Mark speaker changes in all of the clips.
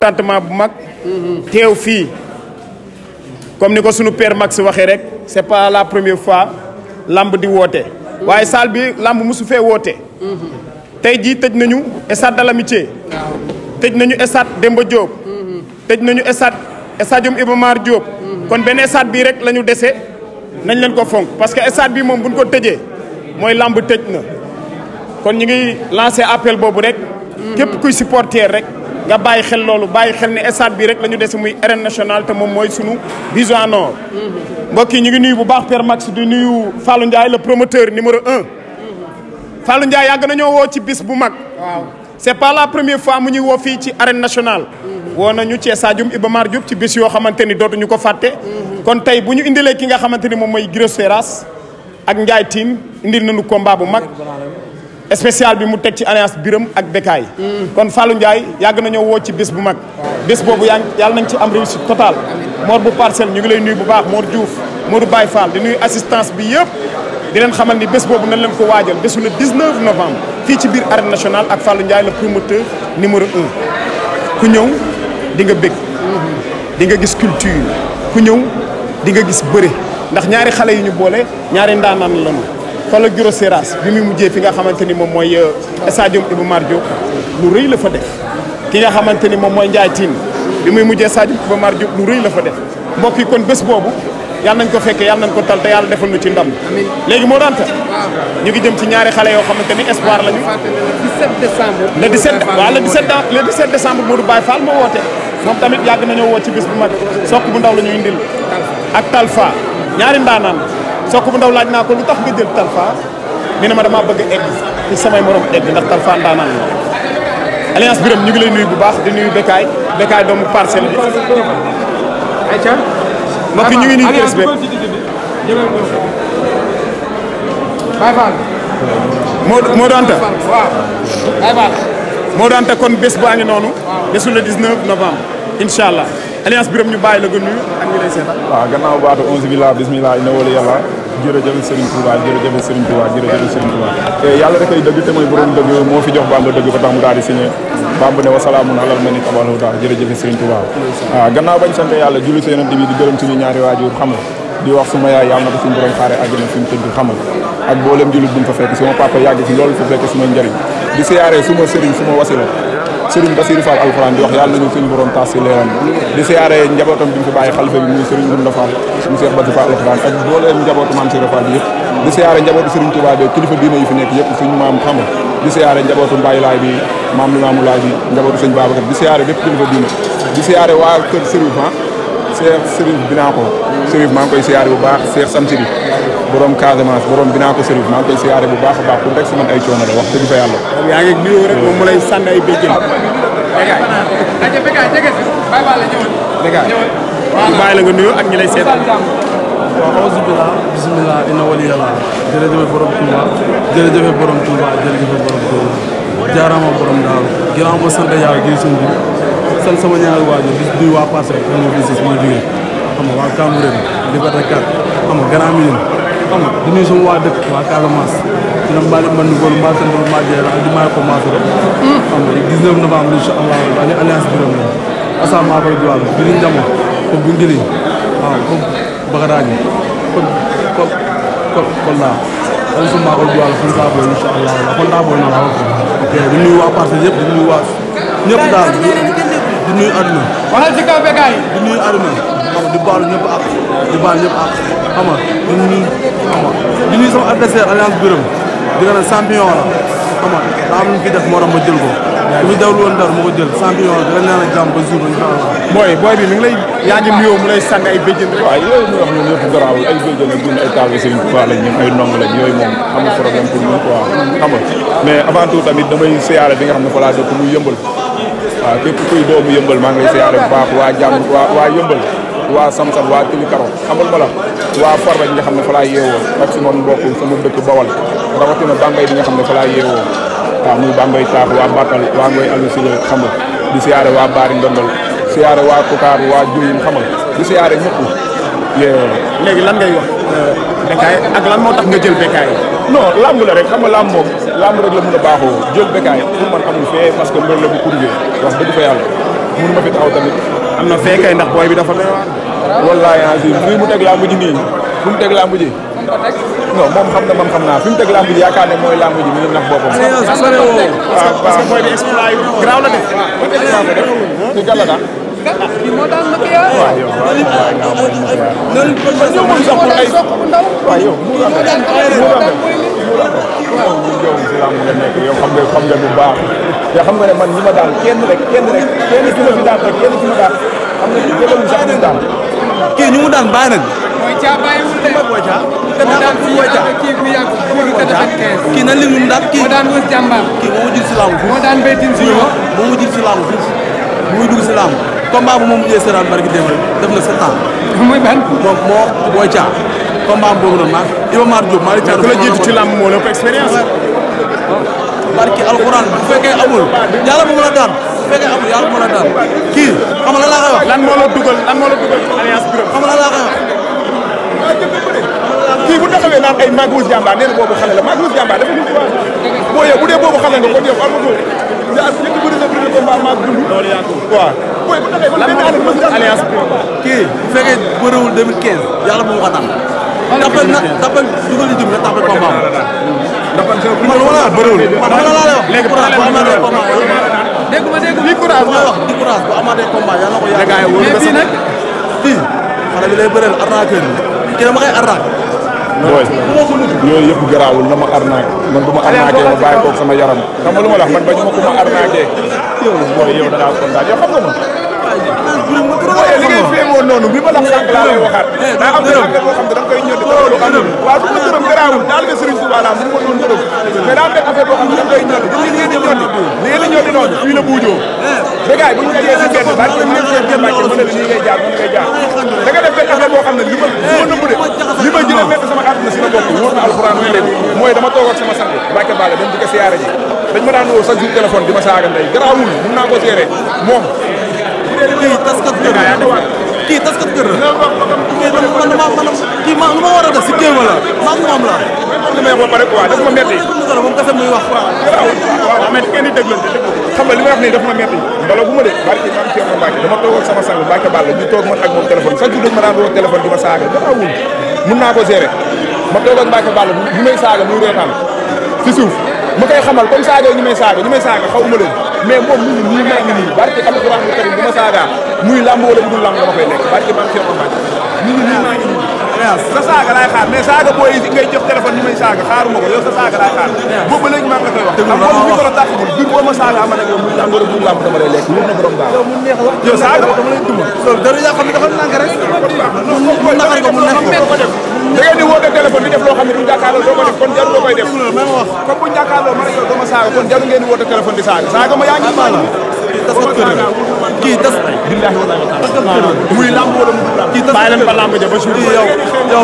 Speaker 1: contentement bu mag teew fi comme ni ko sunu père Max waxee rek c'est pas la première fois lamb di woté waye sal bi lamb mosu fee woote tay ji tej nañu stade de l'amitié tej nañu stade Demba Diop tej nañu stade stadium ibomar Mar Diop kon ben stade bi rek lañu déssé nañ leen ko fonk parce que stade bi mom buñ ko tejé moy lamb tëj na kon ñi ngi lancer appel bobu rek képp kuy supporter rek nga bàyyi xel loolu bàyyi xel ni estade bi rek la ñu dese muy arène nationale te moom mooy sunu vision en or. Mhm. mbokk yi ñu ngi nuyu bu baax Père Max di nuyu Fallou Ndiaye le promoteur numéro un. Mhm. Fallou Ndiaye yàgg nañoo woo ci bis bu mag. waaw c'est pas la premier fois mu ñuy woo fii ci arène nationale. Mhm. woo nañu cee Sadium Iba Mar Diop ci bis yoo xamante ni dootuñu ko fàtte. kon tey bu ñu indilee ki nga xamante ni moom mooy Gros Seras ak Ndiaye Tine indil nañu combat bu mag. spécial bi mu teg ci alliance Biram ak bekkaay kon Fallou Ndiaye yàgg nañoo woo ci bés bu mag. bés boobu yaa yàlla nañ ci am réussite totale. Mor bu parcelle ñu ngi lay nuyu bu baax Mor Diouf Modou Baye Fall di nuyu assistance bi yëpp. di leen xamal ni bés boobu nañ leen ko waajal bésu le 19 novembre fii ci biir arène nationale ak Fallou Ndiaye le promoteur numéro un ku ñëw di nga bëgg nga gis culture ku ñëw di nga gis bëre ndax ñaari xale yi ñu boole ñaari ndaanaan lañu fa la Giro Seras bi muy mujjee fi nga xamante ni moom mooy euh, stadium Iba Mar Diop lu rëy la fa def ki nga xamante ni moom mooy Ndiaye Tine bi muy mujjee stadium Iba Mar Diop lu rëy la fa def mbokk yi kon bés boobu yal na nañ ko fekkee yàlla nañ ko tal te yàlla defal nu ci ndam léegi moo daan ta ñu ngi jëm ci ñaari xale yoo xamante ni espoir lañu. le 17 waaw le 17 le 17 décembre Modou Baye Fall moo woote moom tamit yàgg nañoo woo ci bés bu mag sook bu ndaw la ñu indil ak Talfa ñaari ndaanaan soo bu ndaw laaj naa ko lu tax nga jël Talfa nee na ma damaa bëgg a egg ci samay morom egg ndax Talfa ndaanaan la alliance Birame ñu ngi lay nuyu bu baax di nuyu Bekaay Bekaay doomu parcelle bi. moo moo doonte. moo doonte kon bés baa ngi noonu. waaw bésu le 19 novembre incha allah. alliance biram ñu bàyyi la nga nuyu waaw gannaaw baatu
Speaker 2: onze billah bismillah inna wala yàlla jërëjëf Serigne Touba jërëjëf Serigne Touba jërëjëf Serigne Touba eh, yàlla te mooy borom dëgg moo fi jox Bamba dëgg daal di signé Bamba ne wasalaamun waaw ah, gannaaw bañ sant yàlla julli sa yonent bi di gërëm suñu ñaari waajur xam nga di wax suma yaay yàlla na ko suñu borom a àjjana fi mu ak booleem jullit bu fa fekk suma papa yàgg ci loolu fa fekk suma njëriñ di siyaare suma sëriñ suma wasila Serigne Bassirou Fall alxuraan di wax yàlla nañu suñu borom taas si leeram di siyaare njabootam bi mu fi bàyyi xalifa bi muy Serigne Gounda Fall mu Cheikh Bassirou Fall alxuraan ak booleen njabootu maam Serigne Fall bi yëpp di siyaare njabootu Serigne Touba bi kilifa diine yi fi nekk yëpp suñu maam xam di siyaare njabootu Mbaye Laay bi maam Limaamu Laay bi njabootu sëñ Babacar di siyaare bépp kilifa diine di siyaare waa kër Serigne Fall Cheikh Serigne maa ngi koy siyaare bu baax Cheikh Samsiri borom Casamance borom bina ko Serif ma ngi koy siyaare bu baax baax rek
Speaker 1: sama ay coono la wax te difa yalla ya ngi nuyoo rek moom lay sànni ay béjjën. bàyyi la nga ak ñi lay
Speaker 3: auzu bismillah inna borom borom borom borom daal sama xam xam Grand xam nga di nuyu sama waa dëkk waa Casamance di leen baal di mën góor mbaa sant mbaa jëlee la ak di maay commencé rek. Hmm. xam nga 19 novembre allah alliance biiram la Assane maa koy diwaan bi ñu njamo ko Bungili waaw ko Bagadaaji ko ko ko Kolda maa koy diwaan fan saa booy incha allah la kon daa booy na waaw. ok di nuyu waa parti yëpp di nuyu waa ñëpp daal di nuyu àdduna.
Speaker 1: waxal ci kaw békaay. di
Speaker 3: nuyu àdduna. di baalu ñëpp ak di baal ñëpp ak xam nga di nuyu xam nga di nuyu sama adversaire alliance biram di nga ne champion la xam nga daa am lu fi def moo tax ma jël ko bu dawul woon dara ma ko jël champion la dina
Speaker 2: naan jàmm ba jour insha allah mooy booy bi mi ngi lay yaa ngi nuyoo mu lay sànni ay béjjën rek waaw yooyu ñu wax ñun yëpp garaawul ay béjjën ak dund ay taalu Serigne Touba lañ ñun ay ndong lañ yooyu moom amul problème pour ñun quoi xam nga mais avant tout tamit damay siyaare bi nga xam ne fa laa dëkk muy yëmbal waaw képp kuy doomu yëmbal maa ngi lay siyaare bu baax waa jàmm waa waa yëmbal waa Samsal waa Tilikaro xamal ma la waa Farba ñi nga xam ne fa laa yeewoo ak su ma mbokk sama dëkk Bawal rawatina Bambey bi nga xam ne fa laa yeewoo waaw muy Bambey Taax waa Batal waa Ngoy Aliou Sy xam nga di siyaare waa Baari Ndondol siyaare waa Koukaar waa Diohine xam nga di siyaare ñëpp léegi lan ngay wax euh, Bécaye ak lan moo tax nga jël Bécaye non làmb la rek xam làmb moom làmb rek la mën a baaxoo jël Bécaye pour man amul fee la bu kurgee wax dëgg am na feekay ndax booy bi dafa doy waar. wallaahi azim fii mu teg làmb ji nii fi mu teg làmb ji. non moom xam na man xam naa fi mu teg làmb ji yaakaar ne mooy làmb ji mi ngi nax boppam. parce que booy bi exploit yu garaaw la def. waaw waaw waaw kan kii moo daan makiyaar. waaw yow waaw yow mooy makiyaar. loolu yow moom sax ay kii
Speaker 3: moo daan waaw yow
Speaker 2: mu rafet mu rafet mu rafet. waaw yow si làmb nga nekk yow xam nga xam nga bu baax. te xam nga ne man ñi ma daan kenn rek kenn rek kenn ki ma fi daan rek kenn ki ma daan xam nga kii jëlewul sax ñu daan. kii ñu mu daan bàyyi nañ.
Speaker 3: mooy caa bàyyiwul de. mooy caa daan fii ak kii bi yàgg fii ak kii na lim daan kii moo daan wës jàmbaar. kii moo mujjul si làmb. moo daan béytin si ñoom moo mujjul si làmb. muy dugg si làmb. combat bu moom mujjee seeraan barki démb rek def na sept ans. muy ban moom moo booy caa. combat boobu noonu maa Iba Mar Diop maa ngi caa. ku la ci làmb moo la ko expérience. barki alxuraan bu fekkee amul yàlla mu mën a daan a daan
Speaker 2: kii xam nga lan laa koy lan moo dugal lan kii bu taxawee naan ay Maguus Jàmbaar nee na boobu xale la Maguus Jàmbaar dafa boo yow bu dee boobu xale nga kon yow amatul. yaa ngi bëri na bëri na combat maa dund. loolu yaa ko waaw. booy bu taxee man benn année mën alliance na
Speaker 3: tapal dugal ñu jëm nga tapal combat dafa am solo man wala bëriwul. man la laa lay wax léegi courage bu amaatee ma dégg li courage bu may
Speaker 2: na ko yàlla. booy yooyu yëpp garaawul na ma arnaque man bu ma arnaqué ma bàyyi sama yaram xam nga lu la wax man ba ñu ma ku ma arnaqué yow booy yow danaa kontaan noonu bi ma la sànq laa eh, boo xam ne da nga koy ñoddi loolu xam nga waaw du ma gërëm garaawul daal nga Serigne Touba laa mënu ma doon gërëm mais daa am benn affaire boo xam ne da nga koy ñoddi li ngeen di ñoddi li ngeen di ñoddi noonu fii eh. bu ñu dajee si benn baat ñu ne seen na li ngay jaar mën ngay jaar de bokk wóor na alxuraan ne leen mooy dama toog ak sama sang Mbacke Balla dem di ko siyaare ji dañ ma daan woo chaque jour téléphone di ma saaga ndey garaawul mun naa ko seere moom kii taskat kër la kii taskat kër la kii man man man kii ma lu ma war a def si kii ma la maa ngi moom la li may wax ba pare quoi daf ma metti moom kese muy wax garaawul waaw mais kenn di déglante xam nga li may wax nii daf ma metti bala bu ma de barki maam Thierno Mbacke dama toog ak sama sang Mbacke Balla ñu toog man ak moom téléphone chaque jour dañ ma daan woo téléphone di ma saaga garaawul mun naa ko gérer ma toog ak Mbacke Balla ñu may saaga muy reetaan si suuf ma koy xamal comme saaga yi ñu may saaga ñu may saaga xaw ma leen mais moom ñu ngi nii ngi nii barke alxuraan bu karim bu ma saagaa muy làmb wala làmb dama koy lekk barke maam Cheikh Mbacke ñu ngi waaw sa saaga laay xaar mais saaga booy ngay jox téléphone ñu may saaga xaaruma ko yow sa saaga laay xaar. boobu ba léegi maa ngi la koy wax. dëgg la waaw waaw xam nga biir boo ma saaga am na yow muy tàngoor bu làmb dama lay lekk wut na borom baax. yow mun neex wax yow saaga dama lay duma. loolu dara yaa xam ne dafa nànk rek. mun na ko mun na ko def. da ngeen di woote téléphone di def loo xam ne duñ jàkkaarloo doo ko def kon jarul nga koy def. comme buñ jàkkaarloo ma ne yow dama saaga kon jarul ngeen di woote téléphone di saaga saaga ma yaa ngi kii tas. billahi wallahi muy lamb wala mu kii tas. bàyyi leen ba lamb ja ba suuf yow yow
Speaker 3: yow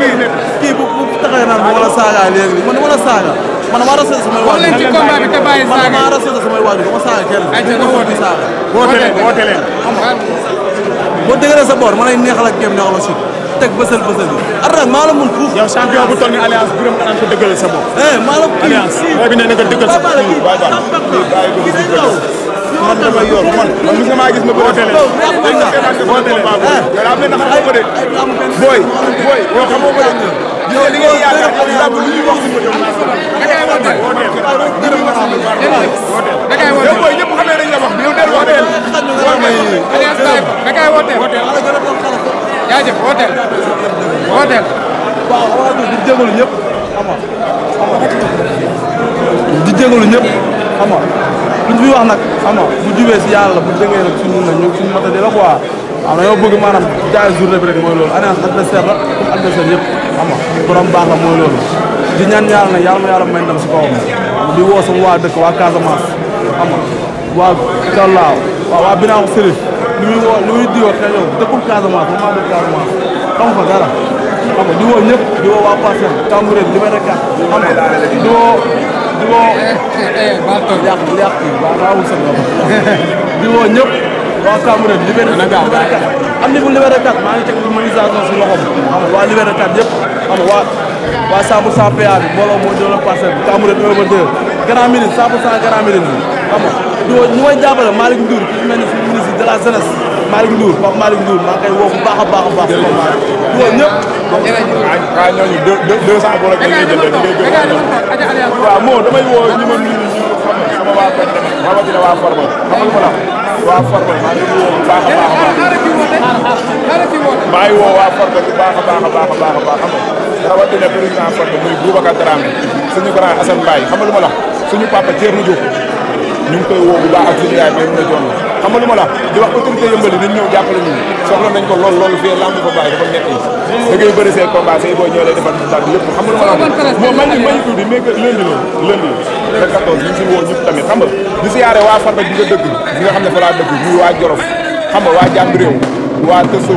Speaker 3: kii kii bu bu taxawee naan wala saaga léegi man wala saaga. man maa rasee samay waajur man maa rasee samay waajur dama saaga kenn. woote leen woote leen. boo déggee sa boor ma lay neexal ak kéem neexal sut teg bësël bësël bi arrête maa la mun fuuf yow champion bu toll ni alliance biram nga naan ko dëggal sa bopp eh
Speaker 2: maa la kii alliance bi nee na nga dëggal sa bopp man dama yor man man mos maa gis ma bëri télé eh. booy booy yow xamoo ko de yow li ngay yaakaar yow làmb lu ñu wax ko dem na da kay woote booy ñëpp xamee nañ la wax yow del wax del war may da kay woote jaajëf
Speaker 3: woote woote waaw waaw di lu fi wax nag xam ah bu jubee si yàlla bu dëggee rek suñu nag ñun suñu mata di la quoi waaw dañoo bëgg maanaam jaay journée bi rek mooy loolu année adversaire la comme adversaire yëpp xam nga borom baax mooy loolu di ñaan yàlla nag yàlla ma yàlla may ndam si kawam di woo sama waa dëkk waa Casamance xam nga waa Kallaaw waa Binaaw Sérif lu woo lu muy diwoo xëy yow dëkkul Casamance maa dëkk Casamance xam fa dara xam di woo ñëpp di woo waa Parcelles Cambérène di di woo. Eh, eh, baatoo yàq yàq waaw waaw sa bopp di woo ñëpp. waaw Cambérène Liberté na gaaw am na bu maa ngi teg humanisation si loxo waa Liberté 4 yëpp waa waa 100% PA bi mbooloo moo doon passé Cambérène numéro 2 Grand Médine 100% Grand Médine xam nga woo ñu may jàppale Malick Ndour ki mel ni ministre de la jeunesse Malick Ndour Pape Malick Ndour maa ngi woo bu baax a baax a
Speaker 2: ñoom ñëpp. waaw ñooñu deux deux cent bolo ngeen koy jëndee ñu ngi koy jox waaw moo damay woo ñu ma nuyu ñu xam ne sama waa benn rawatina waa Formal xamal ma la waa Formal maa ngi woo bu baax a
Speaker 1: baax a baax. maa ngi woo waa
Speaker 2: Formal bu baax a baax a baax a baax a baax xam nga rawatina président Formal muy Boubacar Dramé suñu grand Assane Mbaye xamal ma la suñu papa Thierno Diouf. ñu ko koy woo bu baax ak a joon xam nga ma la di wax autorité yëmbali ko lool lool fii lamb ko bàyyi dafa metti da ngay bëri say combat say boo ñëw lay defal sa lépp moo man ni mañ tuuti mais que lundi la lundi la 14 ñu si woo ñëpp tamit xam nga di siyaare waa Farba bi nga dëgg bi nga xam ne fa xam nga waa jàmb réew waa Tëso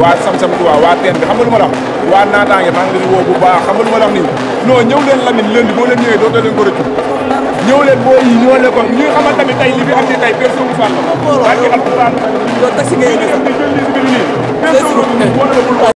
Speaker 2: waa waa teen bi xam nga lu ma la waa naataange maa ngi leen woo bu baax xam nga lu ma la nii non ñëw leen Lamine boo leen ñëwee doo leen ko ñëw leen boo yi ñoo ne ko ñi nga xamante ne tey li fi am ni tey berso bu fànn barki alquran yow taxi ngay